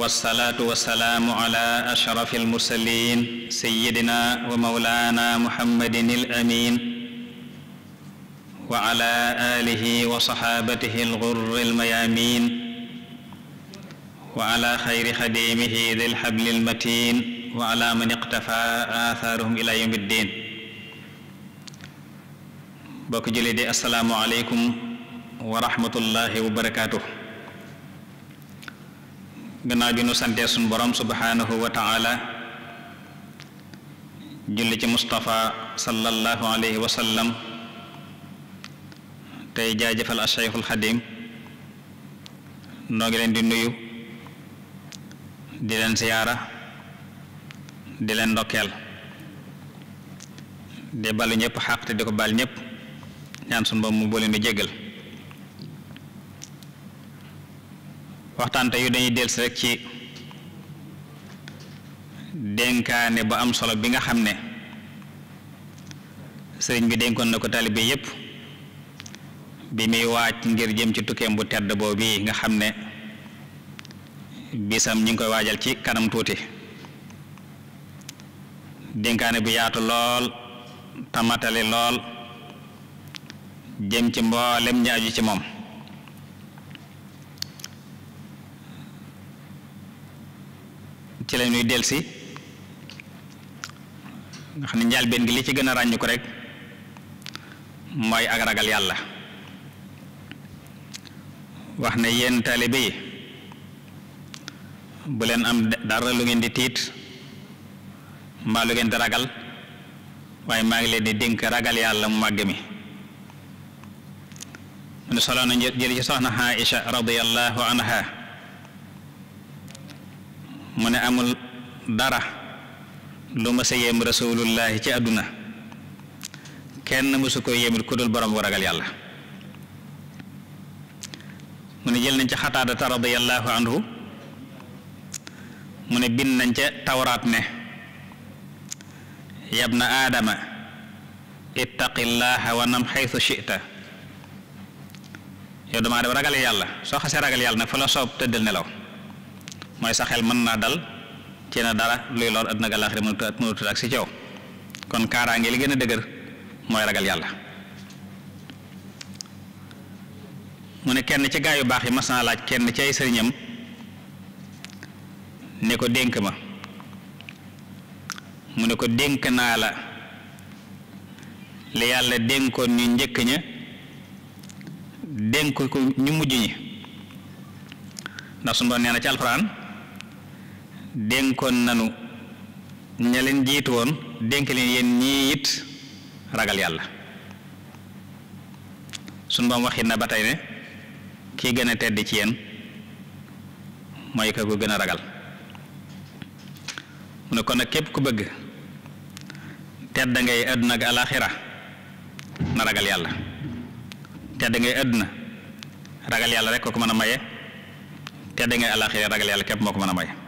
wasalaatu wasalaamu ala ashraf almursalin sayidina wa maulana muhammadin alamin wa ala alihi wa saxaabatihi algurri almayamin wa ala xayri xadimihi di lxabli almatin wa ala man iqtafa aathaarahum ila yawmi ddin bokk jële di asalaamu aleykum wa rahmatullahi wa barakatuh gannaaw bi nu santee suñ borom subhanahu wa taala julli ci Mustafa sallallahu alayhi wa sallam tey jaajëfal a Cheikhul Xadim noo ngi leen di nuyu di leen siyaara di leen ndokkeel di balu ñëpp xaq te di ko bal ñëpp ñaan suñ boom mu boole nu jéggal waxtaan tey dañuy dellusi rek ci dénkaane bu am solo bi nga xam ne sëriñ bi dénkoon na ko taalibe yépp bi muy waaj ngir jëm ci tukkeem bu tedd boobu bii nga xam ne bisam ñu ngi koy waajal ci kanam tuuti dénkaane bi yaatu lool tamatali lool jëm ci mboolem ñaaju ci moom ci la ñuy delsi nga xam ne njaalbeen gi li ci gën a ràññu ko rek mooy ak ragal yàlla wax ne yéen taalibe bu leen am dara lu ngeen di tiit mbaa lu ngeen di ragal waaye maa ngi leen di dénk ragal yàlla mu màgg mi mu ne solo na jël ci soxna Aïcha radiyallahu anha mu ne amul dara lu ma sa yem rasulullahi ci àdduna kenn mësu ko yemit ku dul borom bu ragal yàlla mu ne jël nañ ca xataadata radiyallahu anhu mu ne bind nañ ca tawraat ne na aadama ittaqillaha wa nam xaytu shita yow dama dem ragale yàlla soo xasee ragal yàlla na fa la soob tëddal nelaw mooy sa xel mën naa dal ci na dara luy lor àdduna ak àllaaxira ak si coow kon kaaraange li gën a dëgër mooy ragal yàlla mu ne kenn ci gaa yu baax yi mas laaj kenn ci ay sëriñam ne ko dénk ma mu ne ko dénk naa la li yàlla dénkoon ñu njëkk ña dénk ko ñu mujj ñi ndax su nee na ci alxuraan dénkoon nanu ña leen jiitu woon dénk leen yéen ñii it ragal yàlla sunu boom waxit na ba tey ne kii gën a tedd ci yéen mooy ka ko gën a ragal mu ne kon nag képp ku bëgg tedd ngay àdduna ak alaaxira na ragal yàlla tedd ngay àdduna ragal yàlla rek ko ko mën a maye tedd ngay alaaxira ragal yàlla képp moo ko mën a maye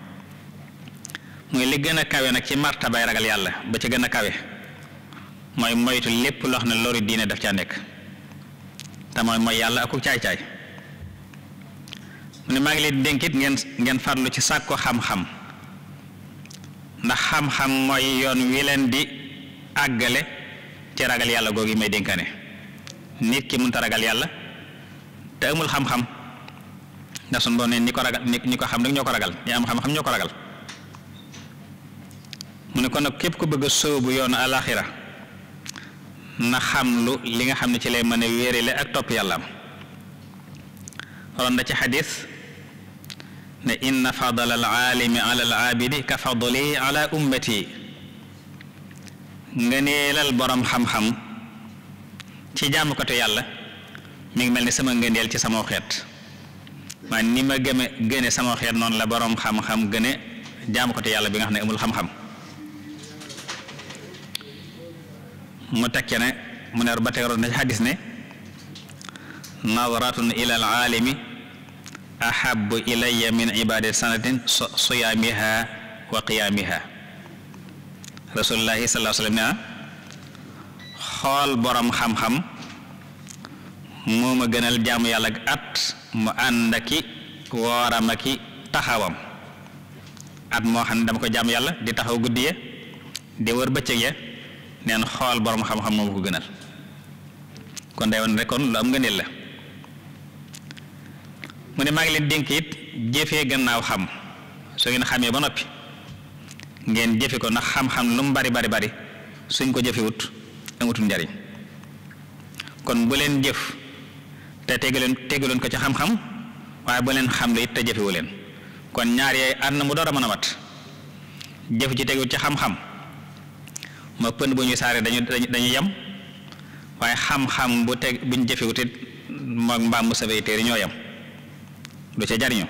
muy li gën a kawe nag ci martabay ragal yàlla ba ci gën a kawe mooy moytu lépp loo xam ne loru diine daf caa nekk te mooy mooy yàlla ko caay-caay mu ne maa ngi leen di dénkit ngeen ngeen farlu ci sàkku xam-xam ndax xam-xam yoon wi leen di àggale ci ragal yàlla googu may dénkane nit ki mënta ragal yàlla te amul xam-xam ndax sun boo ne ni ko ragal ni ko xam rek ñoo ko ragal ñi am xam-xam ñoo ko ragal mu ne kon nag képp ku bëgg a sóobu yoonu alaxira na xam lu li nga xam ne ci lay mën a wéerale ak topp yàllaam ron na ci xadis ne inna fadala al aalimi ala al aabidi ka fadli ala ummati nga borom xam-xam ci jaamukatu yàlla mi ngi mel ni sama ngëneel ci sama xeet man ni ma gëme gëne sama xeet noonu la borom xam-xam gëne jaamukatu yàlla bi nga xam ne amul xam-xam mu tekke ne mu ne ba tegaroon na ci xadis ne nazratun ila al aalimi ahabu min ibadati sanatin siyaamiha wa qiyaamiha rasulullahi sallallahu xool boroom xam-xam moo ma gënal jaamu yàlla ak at mu ànd aki wooram aki taxawam at moo xam ne dama ko jaamu yàlla di taxaw guddi ya di wër bëccëg ya neen xool borom xam-xam moo ko gënal kon day won rek kon lu am ngëneel la mu ne maa ngi leen dénk it jëfee gannaaw xam soo ngeen xamee ba noppi ngeen jëfe ko ndax xam-xam lu mu bari bari bari suñ ko jëfewut amatul njariñ kon bu leen jëf te tegaleen tegaleen ko ci xam-xam waaye bu leen xam la it te jëfewu leen kon ñaar yooyu ànd mu door a mën a mat jëf ci tegu ci xam-xam ma pënd bu ñuy saaree dañu dañu yem waaye xam-xam bu teg bu ñu jëfewut it moog mbaam mu sabee téere ñoo yem lu ca jariñu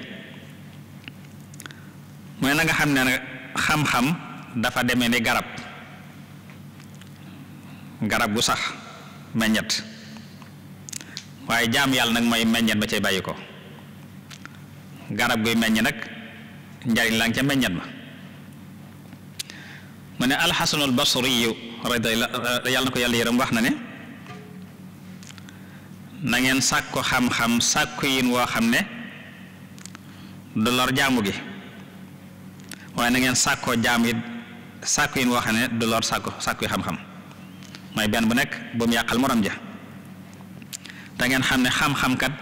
mu ne na xam ne nag xam-xam dafa deme ni garab garab gu sax meññet waaye jaam yàlla nag mooy meññet ma cay bàyyi ko garab guy meññ nag njariñ la nga ca meññet ma mu ne alxasanul basri rada yàlla na ko yàlla yërëm wax na ne na ngeen sàkku xam-xam sàkku yin woo xam ne du lor jaamu gi waaye na ngeen sàkkoo jaam yi sàkku yin woo xam ne du lor sàkku yi xam-xam mooy benn bu nekk bu mu yàqal morom ja da ngeen xam ne xam-xam kat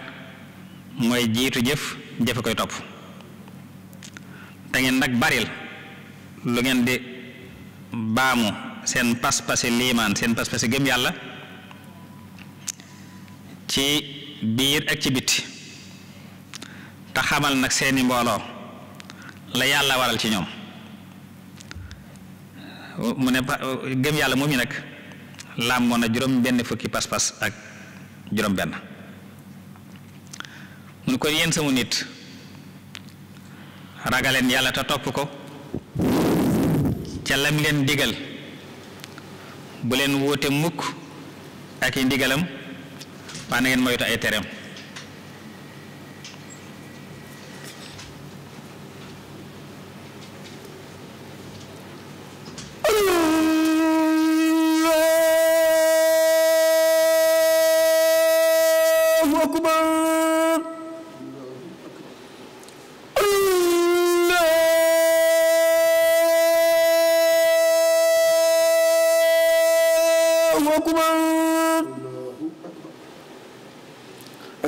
mooy jiitu jëf jëfe koy topp da ngeen nag baril lu ngeen di baamu seen pas-pasi liimaan seen pas-pasi gëm yàlla ci biir ak ci biti te xamal nag seeni mbooloo la yàlla waral ci ñoom mu ne gëm yàlla moom yi nag làmboon na juróom benn fukki pas-pas ak juróom benn mu ne kon yéen sama nit ragaleen yàlla te topp ko ca lam leen digal bu leen wuute mukk ak i ndigalam waa na ngeen moytu ay tereem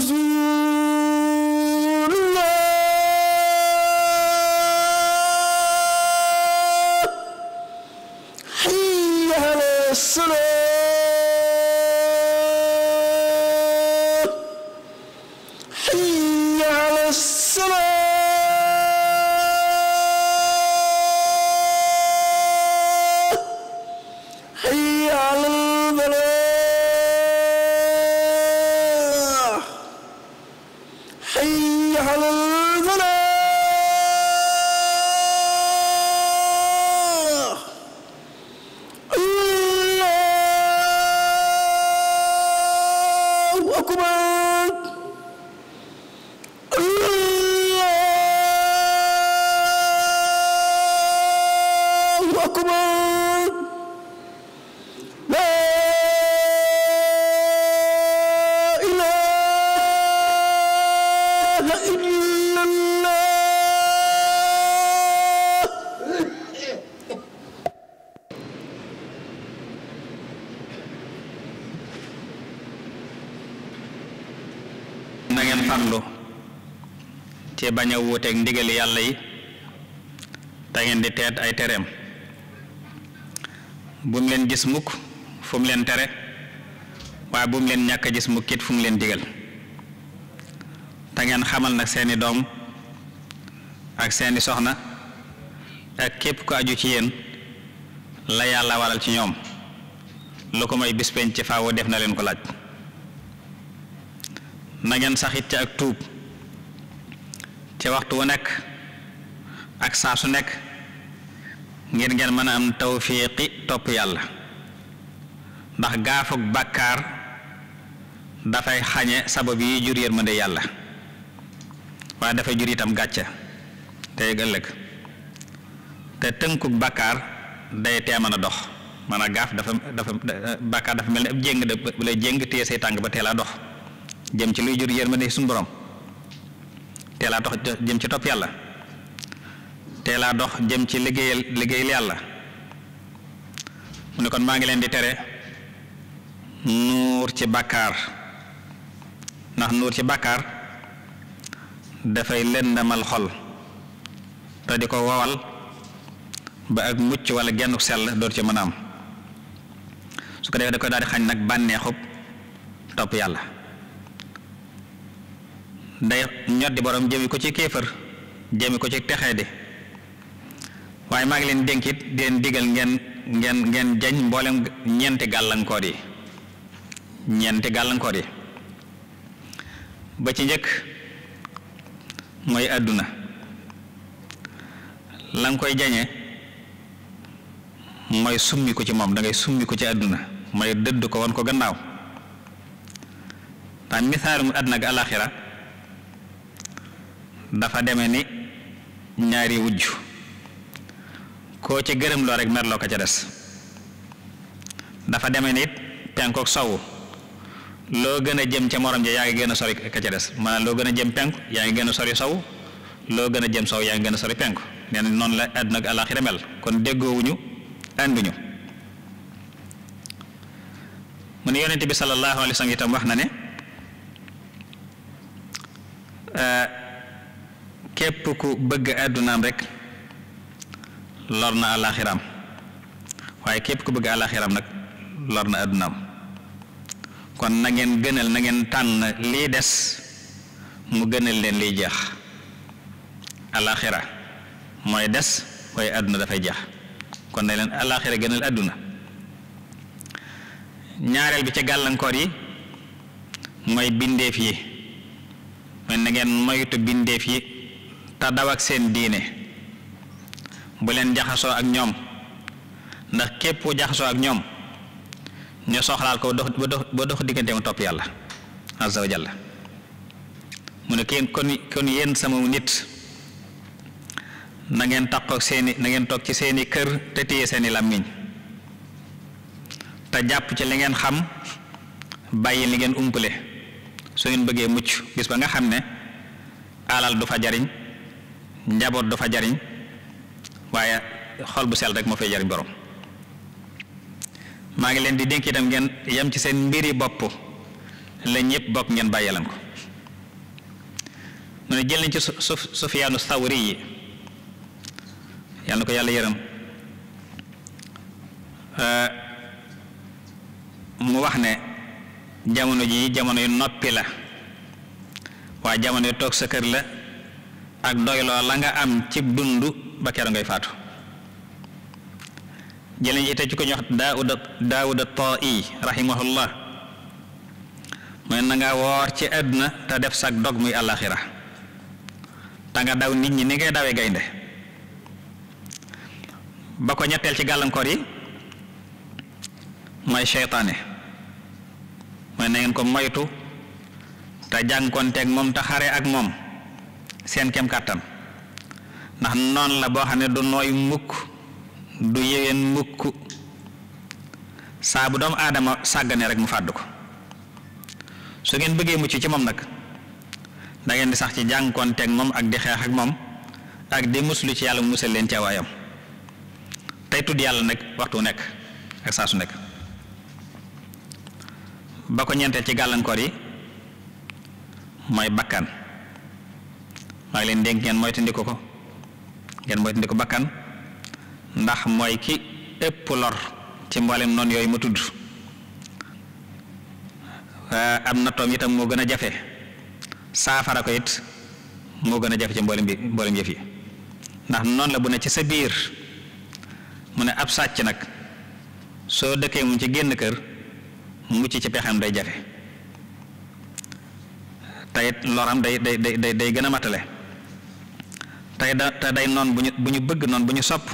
toujours ci bañ a wuuteeg ndigali yàlla yi da ngeen di teet ay tereem bu mu leen gis mukk fu mu leen tere waaye bu mu leen ñàkk a gis mukk it fu mu leen digal da ngeen xamal nag seeni doom ak seeni soxna ak képp ku aju ci yéen la yàlla waral ci ñoom lu ko may bis penc ci faawu def na leen ko laaj na saxit ci ak tuub ci waxtu wu nekk ak saa su nekk ngir ngeen mën a am tawfiiqi topp yàlla ndax gaafug bàkkaar dafay xañe sabab yi jur ma yërmande yàlla waaye dafay jur itam gàcce tey ëllëg te tënkug bàkkaar day tee mën a dox maanaam gaaf dafa dafa bàkkaar dafa mel ne ab jéng da lay jéng téye say tànk ba teel a dox jëm ci luy jur yërmande suñu borom teelaa dox jëm ci topp yàlla laa dox jëm ci liggéeyal liggéeyal yàlla mu ne kon maa ngi leen di tere nuur ci bàkkaar ndax nuur ci bàkkaar dafay lëndamal xol te di ko wowal ba ak mucc wala gennuk sell door ci mën a am su ko defee da koy daal di nag bànneexub topp yàlla day ñoddi boroom jëmi ko ci kéefër jëmi ko ci texeedi waaye maa ngi leen dénkit di leen digal ngeen ngeen ngeen jañ mboolem ñeenti gàllankoor yi ñeenti gàllankoor yi ba ci njëkk mooy àdduna lan koy jañee mooy summi ko ci moom dangay ngay summi ko ci àdduna mooy dëdd ko woon ko gannaaw ndax misaalum àdduna ak alaaxira dafa deme ni ñaari wujj koo ci gërëm loo rek merloo ko ca des dafa deme ni it penkook sowu loo gën a jëm ca morom ja yaa ngi gën a sori ka ca des maanaam loo gën a jëm penku yaa ngi gën a sori sowu loo gën a jëm sowu yaa ngi gën a sori penku ne noonu la àdduna ak àllaaxira kon déggoowuñu ànduñu mu ne yonente bi sallallahu alayhi wa itam wax na ne képp ku bëgg àddunaam rek lor na àllaaxiraam waaye képp ku bëgg àllaaxiraam nag lor na àddunaam kon na ngeen gënal na ngeen tànn lii des mu gënal leen liy jeex àllaaxira mooy des waaye àdduna dafay jeex kon na leen àllaaxira gënal àdduna ñaareel bi ca gàllankoor yi mooy bindeef yi mooy na moytu bindeef yi te daw ak seen diine bu leen jaxasoo ak ñoom ndax képp ku jaxasoo ak ñoom ñu soxlaal ko ba dox ba dox diggante mu topp yàlla azza wa mu ne kenn kon kon yéen sama nit na ngeen takkook seeni na ngeen toog ci seeni kër te téye seeni làmmiñ te jàpp ci li ngeen xam bàyyi li ngeen umpale su ngeen bëggee mucc bis ba nga xam ne alal du fa jariñ njaboot dafa jariñ waaye xol bu sel rek moo fay jariñ borom maa ngi leen di dénk itam ngeen yem ci seen mbiri bopp la ñëpp bokk ngeen bàyyi leen ko mu ne jël nañ ci suf Sufyaanu Sawri yi yàlla na ko yàlla yërëm mu wax ne jamono ji jamono yu noppi la waa jamono toog sa kër la ak doyloo la nga am ci dund ba keroog ngay faatu jëlee ñu ite ci ko ñu wax daawuda daawuda taai rahimahullah mu woor ci àdduna te def sag dog muy àllaaxira danga daw nit ñi ni ngay dawee gaynde ba ko ñetteel ci gàllankoor yi mooy seytaane mooy na ngeen ko moytu te jànkonteeg moom te xare ak moom seen kem kàttan ndax noon la boo xam ne du nooy mukk du yeween mukk saabu bu doomu aadama sàggane rek mu fàdd ko su ngeen bëggee mucc ci moom nag dangeen di sax ci jànkoonteeg moom ak di xeex ak moom ak di muslu ci yàlla mu musal leen caawaayam tey tudd yàlla nag waxtu nekk ak saa su nekk ba ko ñeenteel ci gàllankoor yi mooy bakkan maa ngi leen dénk ngeen moytandiku ko ngeen moytandiku bakkan ndax mooy ki ëpp lor ci mboolem noonu yooyu ma tudd eh, am na toom itam moo gën a jafe saafara ko it moo gën a jafe ci mboolem bi mboolem yëf yi ndax noonu la bu ne ci sa biir mu ne ab sàcc nag soo dëkkee mu ci génn kër mucc ci pexam day jafe te it loram day day day day gën a matale tey da te day noon bu ñu bu ñu bëgg noon bu ñu sopp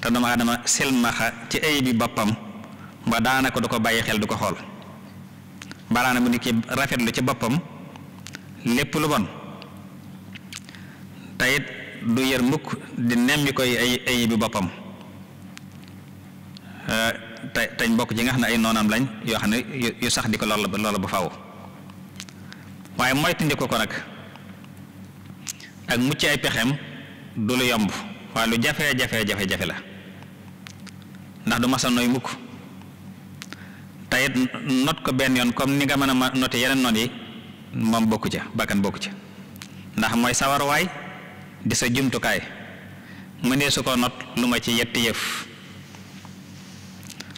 te doomu aadama silmaxa ci ay bi boppam ba daanaka du ko bàyyi xel du ko xool balaana bu nit rafet rafetlu ci boppam lépp lu bon te it du yër mukk di nemmi koy ay ay bi boppam te teñ mbokk ji nga xam ne ay noonam lañ yoo xam ne yu sax di ko lool ba lool ba faw waaye moytandiku ko nag ak mucc ay pexem du lu yomb waaye lu jafe jafe jafe jafe la ndax du masa noy mukk tayit not ko benn yoon comme ni nga mën a noté yeneen noon yi moom bokku ca bakkan bokku ca ndax mooy sawarwaay di sa jumtukaay mu ne su ko not lu ma ci yett yëf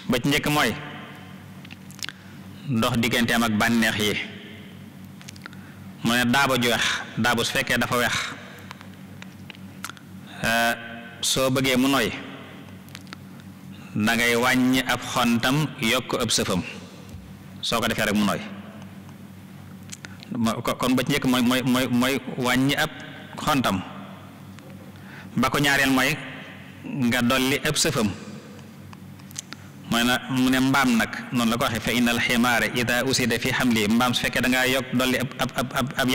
ba ci njëkk mooy dox digganteem ak bànneex yi mu ne daaba ju weex daaba su fekkee dafa weex Eh, soo bëggee mu nooy dangay wàññi ab xontam yokk ab sëfam soo ko defee rek mu nooy kon ba ci njëkk mooy mooy mooy mooy wàññi ab xontam ba ko ñaareel mooy nga dolli ab sëfam mooy na mu ne mbaam nag noonu la ko waxee fa innal ximaare ida usida fi xamli mbaam su fekkee da ngaa yokk dolli ab ab ab ab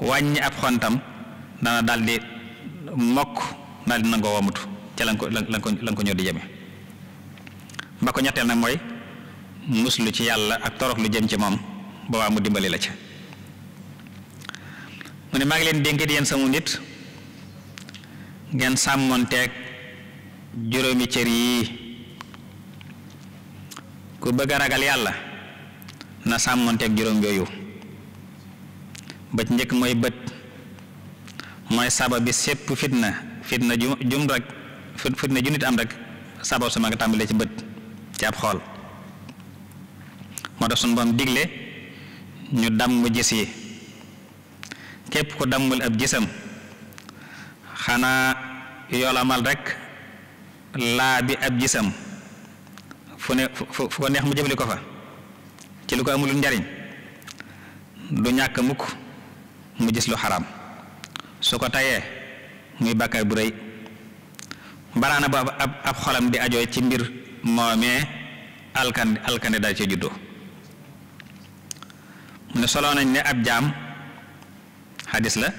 wàññi ab xontam dana daldi mokk naa di nangoo wamutu ca lan ko lan ko lan di jëme ba ñetteel nag mooy muslu ci yàlla ak torox lu jëm ci moom boobaa mu dimbali la ca mu ne maa ngi leen dénk di yéen sama nit ngeen sàmmonteeg juróomi cër yii ku bëgg ragal yàlla na sàmmonteeg juróom yooyu bët njëkk mooy bët mooy sabab bi sépp fitna fitna ju jum rek fitna ju nit am rek sabab su ma nga tàmbalee ci bët ci ab xool moo tax suñu boom digle ñu damm gis yi képp ku dammul ab gisam xanaa yoolamal rekk laa bi ab gisam fu ne fu ko neex mu jëfali ko fa ci lu ko amulul njariñ du ñàkk mukk mu gis lu xaram su ko tayee muy bàkkaar bu rëy baraana ba ab ab xolam di ajoo ci mbir moomee alkande alkande dal cee juddoo mu ne soloo nañ ne ab jaam xadis la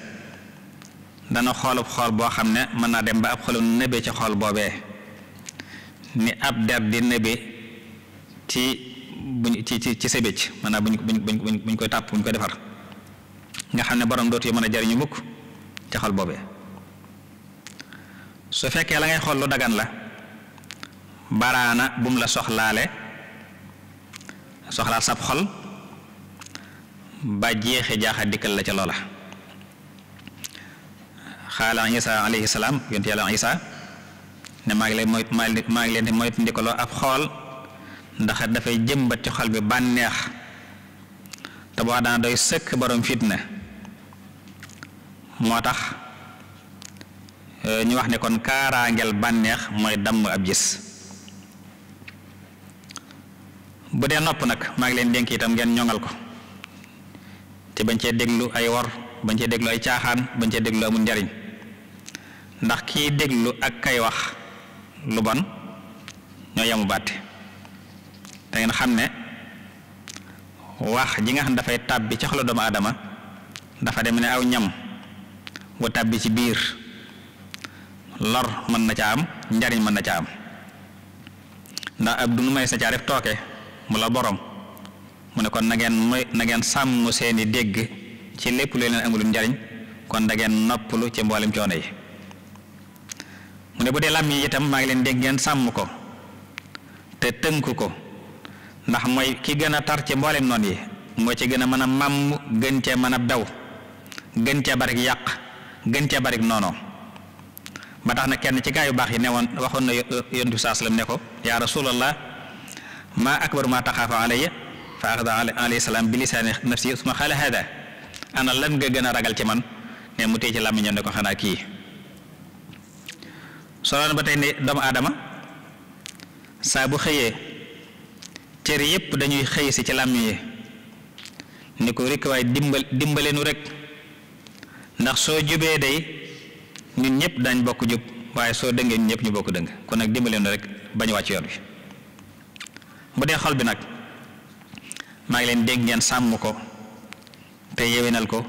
dana xoolub xool boo xam ne mën naa dem ba ab xolam nëbee ci xool boobee ni ab der di nëbee ci buñ ci ci ci sebéc maanaam buñ buñ bu buñ koy tàpp buñ koy defar nga xam ne borom dootu yi mën a jariñu mukk ci xol boobee su fekkee la ngay xool lu dagan la baraana bum la soxlaale soxlaal sab xol ba jeexe jaaxa dikkal la ca loola xaala isa alayhi salaam yonent yàlla ne maa ngi leen moyt maa ngi leen di moyt ndikaloo ab xool ndax dafay jëmbat ci xol bi bànneex te boo daan doy sëkk borom fitna moo tax euh, ñu wax ne kon kaaraangeel bànneex mooy damm ab gis bu dee nopp nag maa ngi leen dénk itam ngeen ñoŋal ko te bañ cee déglu ay wor bañ cee déglu ay caaxaan bañ cee déglu amul njariñ ndax kiy déglu ak kay wax lu bon ñoo yamu bàtte da ngeen xam ne wax ji nga xam dafay tàbbi ci xolu aadama dafa dem ne aw ñam bu tàbbi ci biir lor mën na ca am njariñ mën na ca am ndax ab dund may sa caa def tooke mu la borom mu ne kon na ngeen moy nangeen sàmm seeni dégg ci lépp lu leen amul njariñ kon da ngeen noppalu ci mboolem coono yi mu ne bu dee làmmiñ yi itam maa ngi leen dégg ngeen sàmm ko te tënk ko ndax mooy ki gën a tar ci mboolem noon yi moo ci gën a mën a màmm gën cee mën a daw gën cee bari yàq gën cee barik noonu ba tax na kenn ci gaa yu baax yi ne woon waxoon na yonent bi saa sallam ne ko yaa rasulallah maa akbaru maa taxaafa alayya fa axada alayhi salaam bi lisaani nafsi suma xaala hada ana lan nga gën a ragal ci man ne mu téye ci làmmiñam ko xanaa kii soloon ba tey ne aadama saa bu xëyee cër yépp dañuy xëy si ci làmmiñ yi ni ko rekk waaye dimbal dimbaleenu rek ndax soo jubee day ñun ñëpp dañ bokk jub waaye soo dëngee ñun ñëpp ñu bokk dëng kon nag dimbale na rek bañ wàcc yoon wi bu dee xol bi nag maa ngi leen dégg ngeen sàmm ko te yewenal ko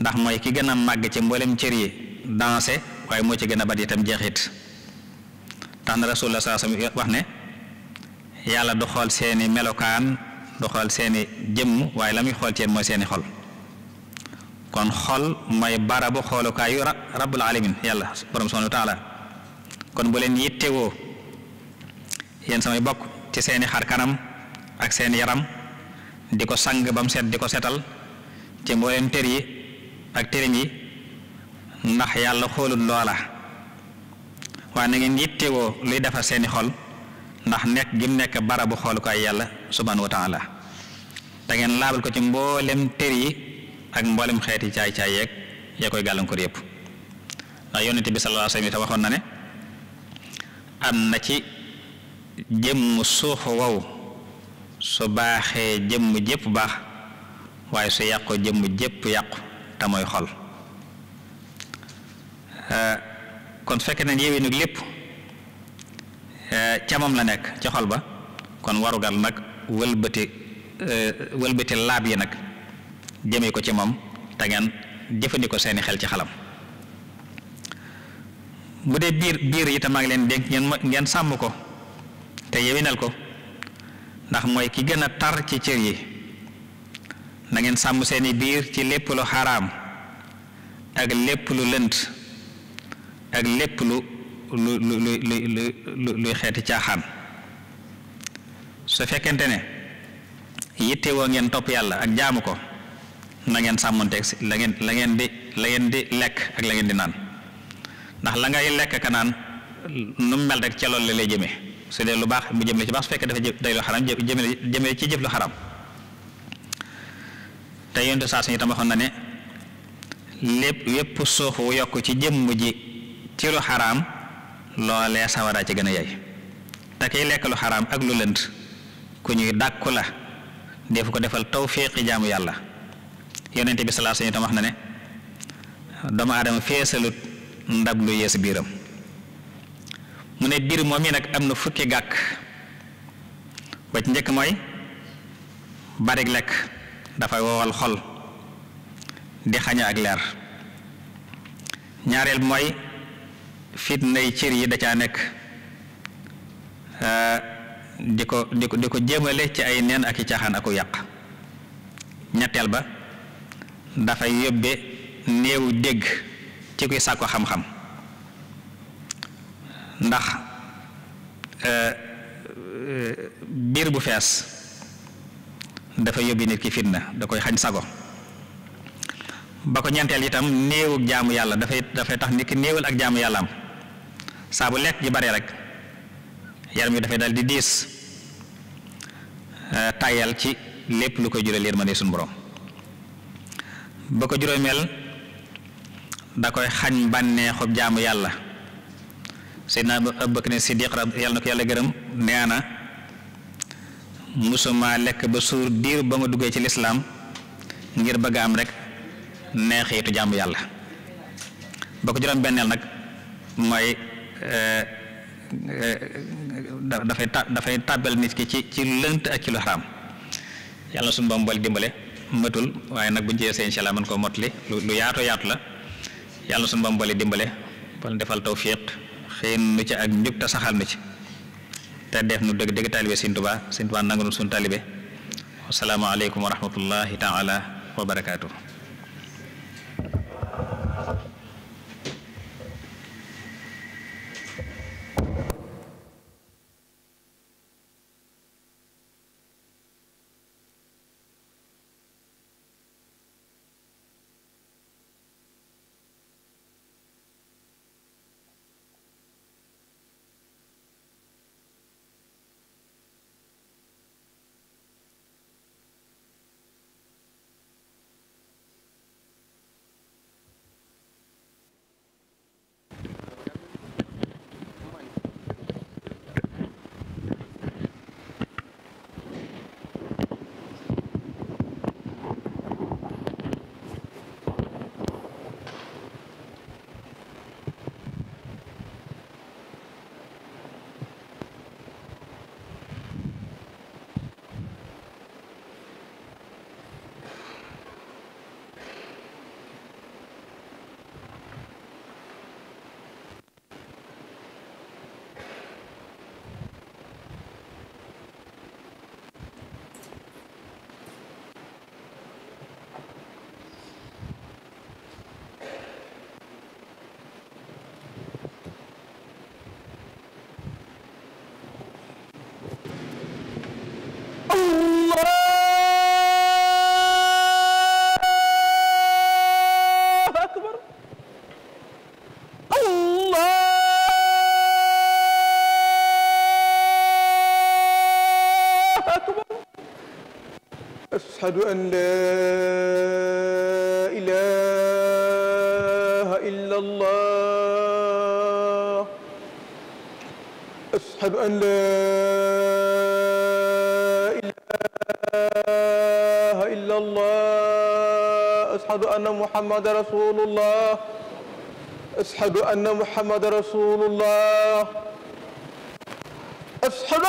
ndax mooy ki gën a màgg ci mboolem cër yi dansé waaye moo ci gën a bari itam jeexit tax na rasulullah saa sam wax ne yàlla du xool seeni melokaan du xool seeni jëmm waaye la muy xool ci yéen mooy seeni xol kon xol mooy barabu xoolukaayu rabbul alamin yàlla borom subhanahu wa taala kon bu leen yittewoo yenn samay bokk ci seeni xar kanam ak seen yaram di ko sang ba mu set di ko setal ci mbooleem tër yi ak tërim yi ndax yàlla xoolul loola waaye na ngeen yittewoo luy defar seeni xol ndax nekk gi mu nekk barabu xoolukaay yàlla subhanahu wa laabal ko ci mbooleem tër yi ak mboolem xeeti caay-caay yeeg yaa koy gàllankoor yëpp ndax yonent bi sallallahu alayhi wa sallam waxoon na ne am na ci jëmm suux wow su baaxee jëmm jëpp baax waaye su yàqu jëmm jëpp yàqu te mooy xol eh, kon fekke na yéwénug lépp eh, ca moom la nekk ci xol ba kon warugal nag wëlbati eh, wëlbati laab yi nag jëmee ko ci moom te ngeen jëfandikoo seeni xel ci xalam mu dee biir biir itam maa leen dénk ngeen ngeen sàmm ko te yewinal ko ndax mooy ki gën a tar ci cër yi na sàmm seeni biir ci lépp lu xaraam ak lépp lu lënt ak lépp lu lu lu lu luy xeeti caaxaan su fekkente ne yittewoo ngeen topp yàlla ak jaamu ko na ngeen sàmmonteeg si la ngeen la ngeen di la ngeen di lekk ak la ngeen di naan ndax la ngay lekk ka naan nu mel rek ca loolu la lay jëme su dee lu baax mu jëm la ci baax su fekkee dafa day lu xaram jëme jëmee ci jëf lu xaram te yonte saa suñu tam waxoon na ne lépp yépp suuf yokk ci jëmm ji ci lu xaraam loolee sawaraa ci gën a yey te kiy lekk lu xaraam ak lu lënt ku ñuy dàkku la def ko defal tawfiqi jaamu yàlla yonente bi sallallahu alayhi wasallam na ne doomu aadama feesalut ndab lu yees biiram mu ne biir moom yi nag am na fukki gàkk ba ci njëkk mooy barig lekk dafay wowal xol di xañe ak leer ñaareel mooy fitnay cër yi da caa nekk eh, di ko di ko di ko jëmale ci ay nen ak i caaxaan ak u yàq ñetteel ba dafay yóbbe néew dégg ci kuy sàkku xam-xam ndax euh, biir bu fees dafa yóbbi nit ki fitna da koy xañ sago ba ko ñeenteel itam néewug jaamu yàlla dafay dafay tax nit ki néewal ak jaamu yàllaam am saa bu lekk gi bare rek yaram yi dafay dal di diis euh, tayal ci lépp lu koy jural yërmande suñu borom ba ko juróomeel da koy xañ bànneexub jaamu yàlla Seydina Abubakar ne Siddiq yàlla na ko yàlla gërëm nee na musuma lekk ba suur ba ma duggee ci lislaam ngir bëgg am rek neexitu jaamu yàlla ba ko juróom benneel nag mooy eh, eh, dafay dafay tàbbal nit ki ci ci lënt ak ci lu xaraam yàlla na suñu dimbale matul waaye nag bu ñu ci yeesee incha koo motli lu yaato yaatu la yàlla suñu ba mbole dimbale bal defal tawfiq xëy nu ci ak njub te saxal nu ci te def nu dëgg dëgg taalibe Sëñ Tuubaa Sëñ Tuubaa nangu nu suñu taalibe asalaamaaleykum wa rahmatullahi taala ashhadu an laa ilaaha illa allah ashhadu an laa ilaaha illa allah ashhadu anna muhammadan rasulullah ashhadu anna muhammadan rasulullah ashhadu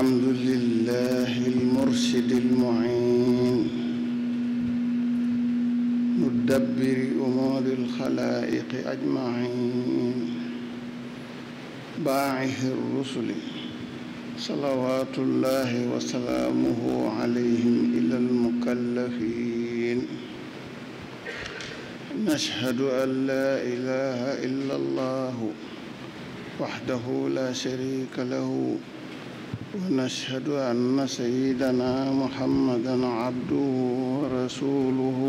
الحمد لله المرشد المعين مدبر أمور الخلائق أجمعين باعث الرسل صلوات الله وسلامه عليهم إلى المكلفين نشهد أن لا إله إلا الله وحده لا شريك له ونشهد أن سيدنا محمدا عبده ورسوله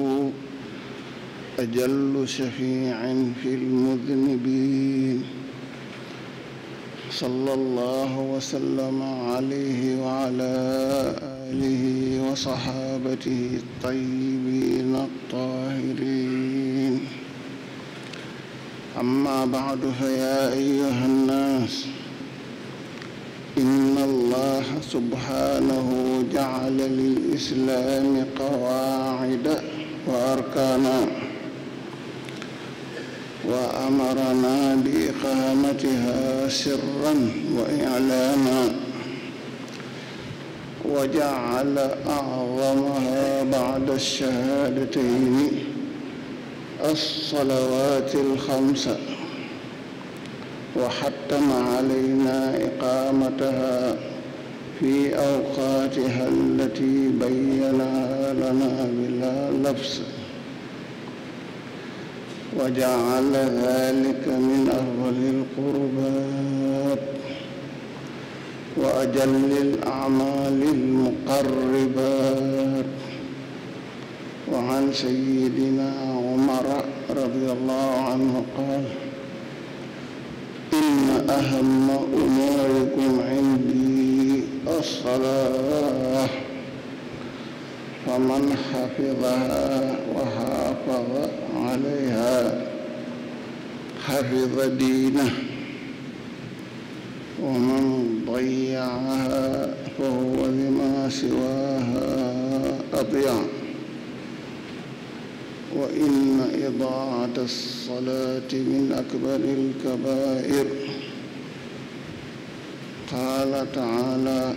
أجل شفيع في المذنبين صلى الله وسلم عليه وعلى آله وصحابته الطيبين الطاهرين أما بعد فيا أيها الناس إن الله سبحانه جعل للإسلام قواعد وأركانا وأمرنا بإقامتها سرا وإعلانا وجعل أعظمها بعد الشهادتين الصلوات الخمسة وحتم علينا إقامتها في أوقاتها التي بينها لنا بلا لبس وجعل ذلك من أفضل القربات وأجل الأعمال المقربات وعن سيدنا عمر رضي الله عنه قال أهم أموركم عندي الصلاة فمن حفظها وحافظ عليها حفظ دينه ومن ضيعها فهو لما سواها أضيع وإن إضاعة الصلاة من أكبر الكبائر قال تعالى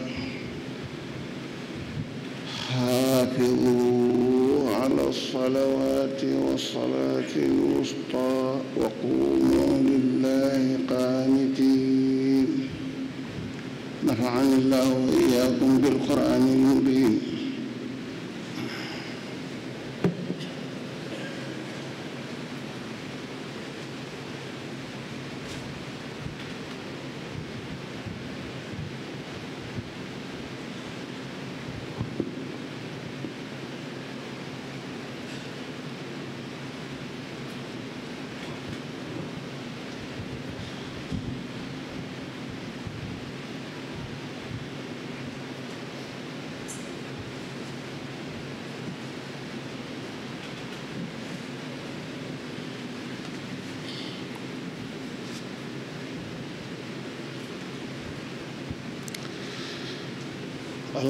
حافظوا على الصلوات والصلاة الوسطى وقوموا لله قانتين نفعني الله وإياكم بالقرآن المبين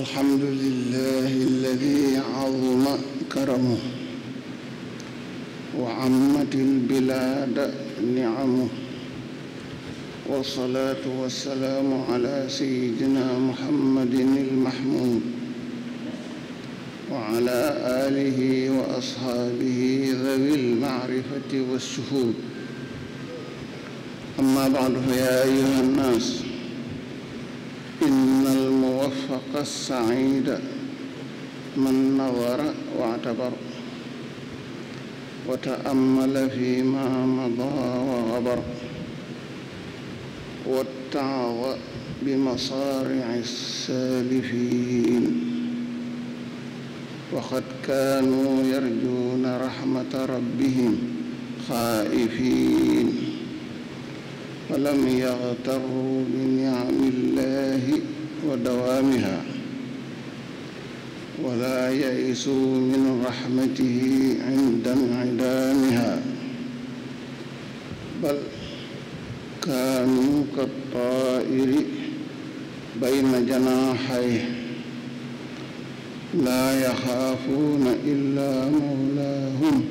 الحمد لله الذي عظم كرمه وعمت البلاد نعمه والصلاة والسلام على سيدنا محمد المحمود وعلى آله وأصحابه ذوي المعرفة والشهود أما بعد فيا أيها الناس يلقى السعيد من نظر واعتبر وتأمل فيما مضى وغبر واتعظ بمصارع السالفين وقد كانوا يرجون رحمة ربهم خائفين ولم يغتروا بنعم الله ودوامها ولا يئسوا من رحمته عند انعدامها بل كانوا كالطائر بين جناحيه لا يخافون إلا مولاهم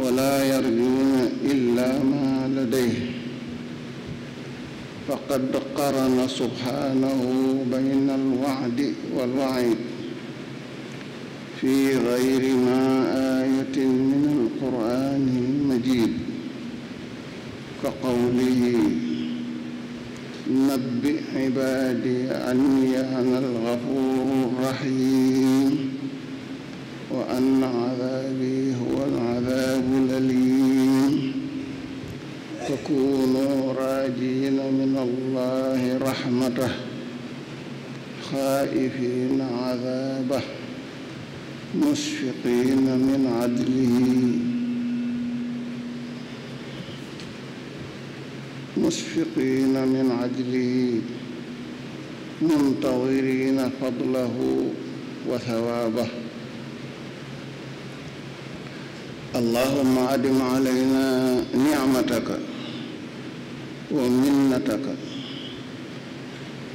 ولا يرجون إلا ما لديه وقد قرن سبحانه بين الوعد والوعيد في غير ما آية من القرآن المجيد كقوله نبئ عبادي أني أنا الغفور الرحيم وأن عذابي هو العذاب الأليم تكونوا راجين من الله رحمته خائفين عذابه مشفقين من عدله مشفقين من عدله منتظرين فضله وثوابه اللهم أدم علينا نعمتك ومنتك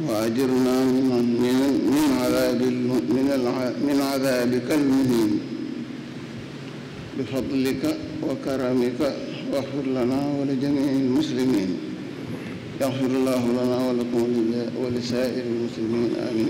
وأجرنا من عذاب من عذابك المهين بفضلك وكرمك واغفر لنا ولجميع المسلمين يغفر الله لنا ولكم ولسائر المسلمين آمين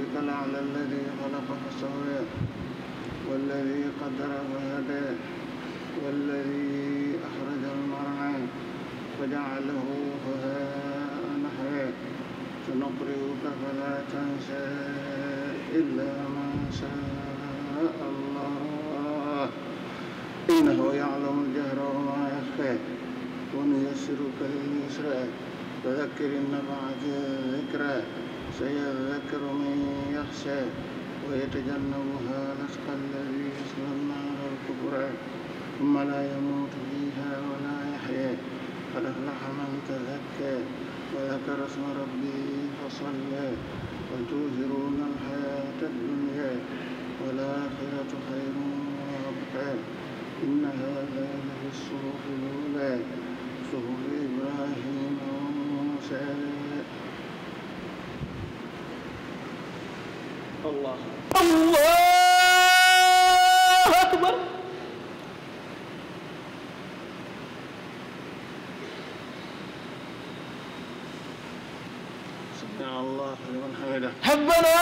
ربك الأعلى الذي خلق فسوى والذي قدر فهدى والذي أخرج المرعى فجعله غثاء نحوه سنقرئك فلا تنسى إلا ما شاء الله إنه يعلم الجهر وما يخفى ونيسرك لليسرى فذكر النفعة ذكرى سيذكر من يخشى ويتجنبها الأشقى الذي يصلى النار الكبرى ثم لا يموت فيها ولا يحيا قد أفلح من تزكى وذكر اسم ربه فصلى وتؤثرون الحياة الدنيا والآخرة خير وأبقى إن هذا لفي الصحف الأولى صحف إبراهيم وموسى allah allah akbar subhanallah liman hamidah rabbana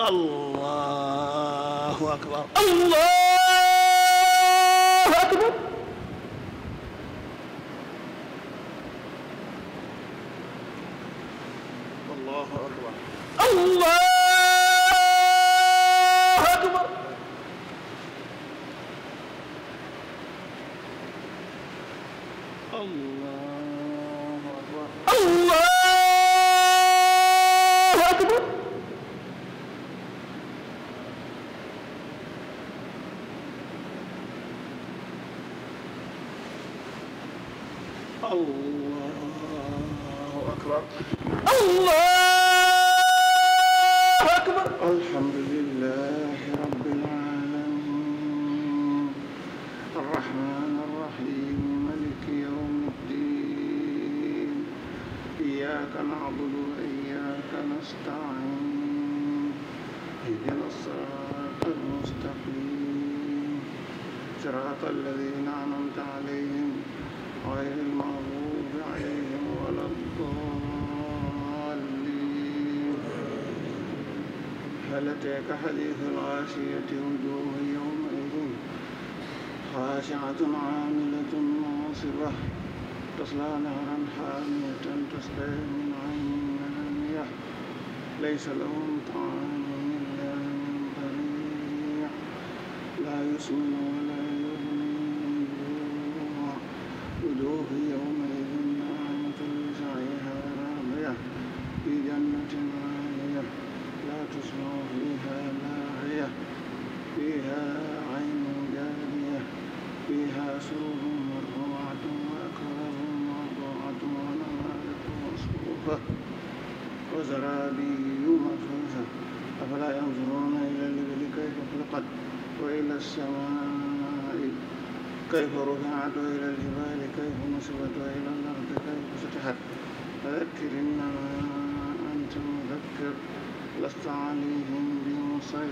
الله أكبر الله كحديث الغاشية وجوه يومئذ خاشعة عاملة ناصبة تصلى نارا حامية تسقى من عين آنية ليس لهم طعام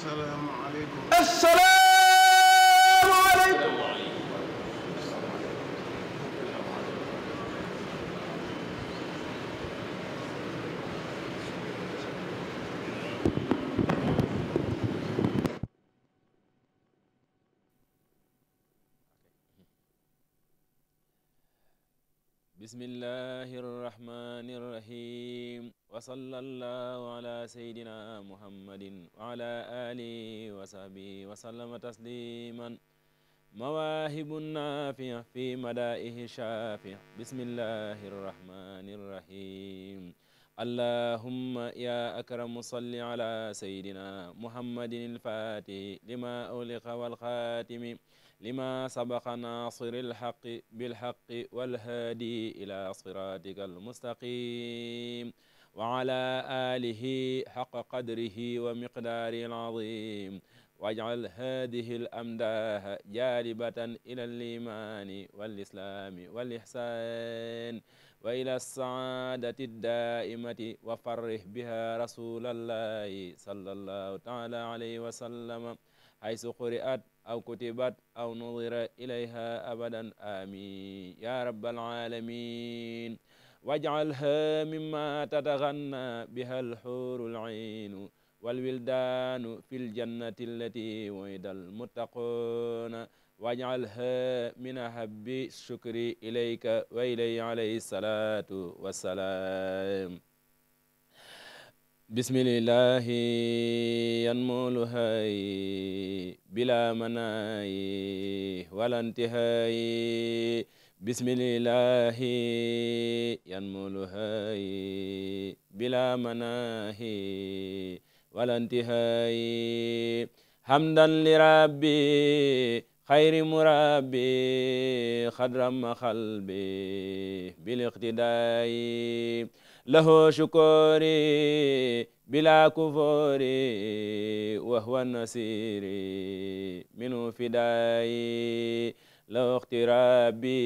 asalaamualeykum asalaamualeykum bismillahi rahmani rahim wa sallallahu ala sayyidina muhammadin wa ala alihi wa sahbihi wa sallama tasliman mawaahibun naafi'a fi madaa'ihi shaafi'a bismillahi rrahmani rrahim allahumma ya akramu salli ala sayyidina muhammadin al-faatihi lima ughliqa wal khaatimi lima sabaqa naasiri al-haqqi bil-haqqi wal haadi ila siraatika al-mustaqim wa ala alihi xaqa qadrihi wa miqdaarihi al-aziim waj'al haadihi al-amdaaha jaalibatan ila al-iimaani wal-islaami wal-ihsaan wa ila as-sa'aadati ad-daa'imati wa farrih biha rasuulallaahi sallallaahu ta'aalaa alayhi wa sallam haysu quri'at aw kutibat aw nudira ilayha abadan aamiin yaa rabbal aalamiin waj'alha mimma tataghanna biha alhurul aynu walwildaanu fil jannati allati wa'ida almuttaquuna waj'alha min habbi shukri ilayka wa ilayhi alayhi salaatu wassalaam bismillahi yanmuluhayi bila manayi wala intihayi bismillahi yanmuluhayi bila manahi walantihayi hamdan li rabbi khayri murabbi khadram khalbi bil iqtidayi lahu shukuri bila kufuri wa huwa nasiri minu fidayi law ixtiraabi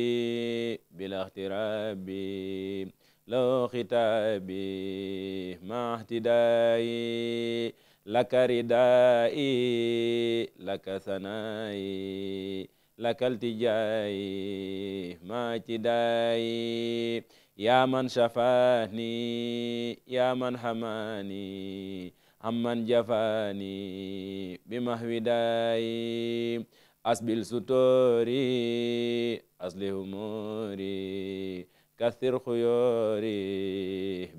bila ixtiraabi law xitaabi ma ihtidaayi laka ridaayi laka sanaayi laka iltijaayi ma tidaayi yaa man shafaani yaa man hamaani amman jafaani bi mahwidaayi asbil sutori aslih umuri kathir khuyori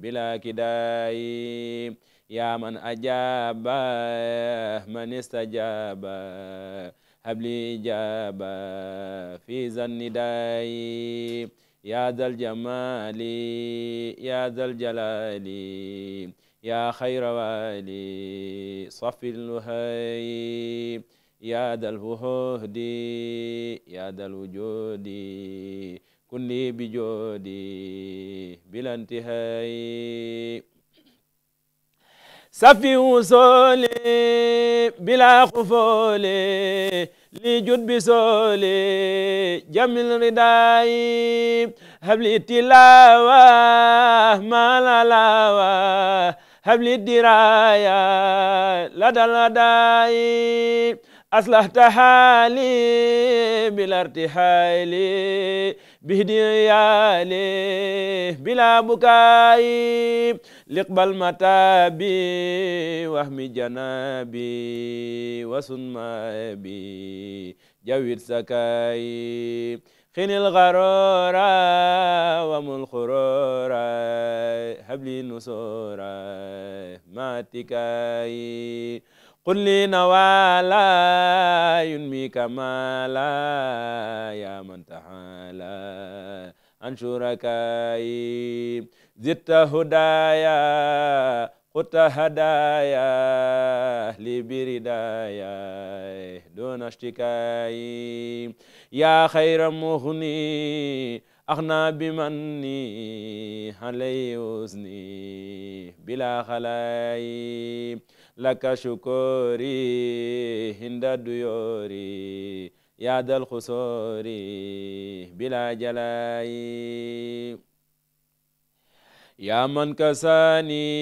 bila kidayi ya man ajaba man istajaba habli ijaba fi zannidayi ya dhal ya dhal ya khayra wali safil luhayi يا ذا الوهود يا ذا الوجود كن لي بجودي بلا انتهاء صفي وصولي بلا خفولي لجد بسولي جميل رداي هبلي تلاوة ما لالاوة هبلي دراية لدى لداي أصلحت حالي بلا ارتحالي بهديالي بلا بكائي لقبل متابي وهم جنابي وسن مابي جاوير سكاي خن الغرورا ومن خرورا هب لي نصورا ما تكاي قل لي نوالا ينمي كمالا يا من تعالى عن شركائي زدت هدايا قلت هدايا أهلي بردايا دون اشتكائي يا خير مغني أغنى بمني علي وزني بلا خلايب laka shukuri hinda duyori ya dal khusori bila jalai ya man kasani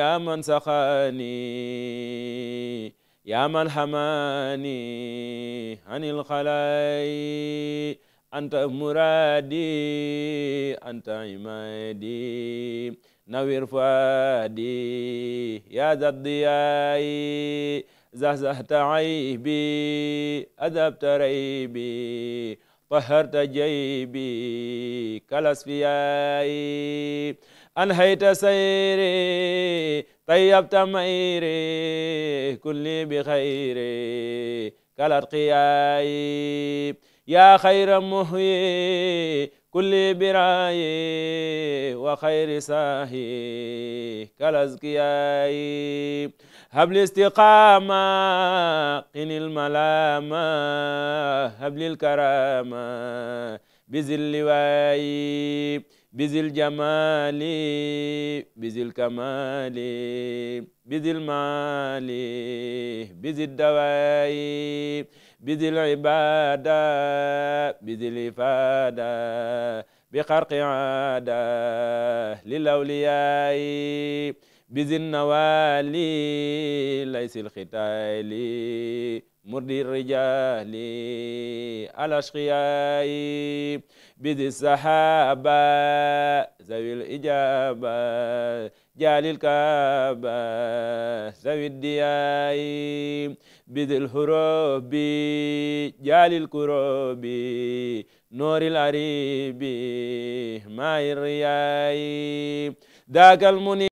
ya man sakhani ya man hamani anil khalai anta muradi anta imadi nawir fadi ya zaddiyai zahzahta aybi adabta raybi taharta jaybi kalasfiyai anhayta sayri tayyabta mayri kulli bi khayri kalat qiyayi yaa xayra muhyi kulli biraayi wa xayri saahi kalazkiyaayi habli istiqaama qinil malaama hablil karaama bizil liwaayi bizil jamaali bizil kamaali bizil maali bizil dawaayi بدل عبادة بدل إفادة بقرق عادة للأولياء بذي النوالي ليس الختال مرضي الرجال الأشقياء بذي السحابة ذوي الإجابة jaalil kaaba zawiddiyaay bidil hurubi jaalil kurubi nooril aribi maayir yaay daagal muni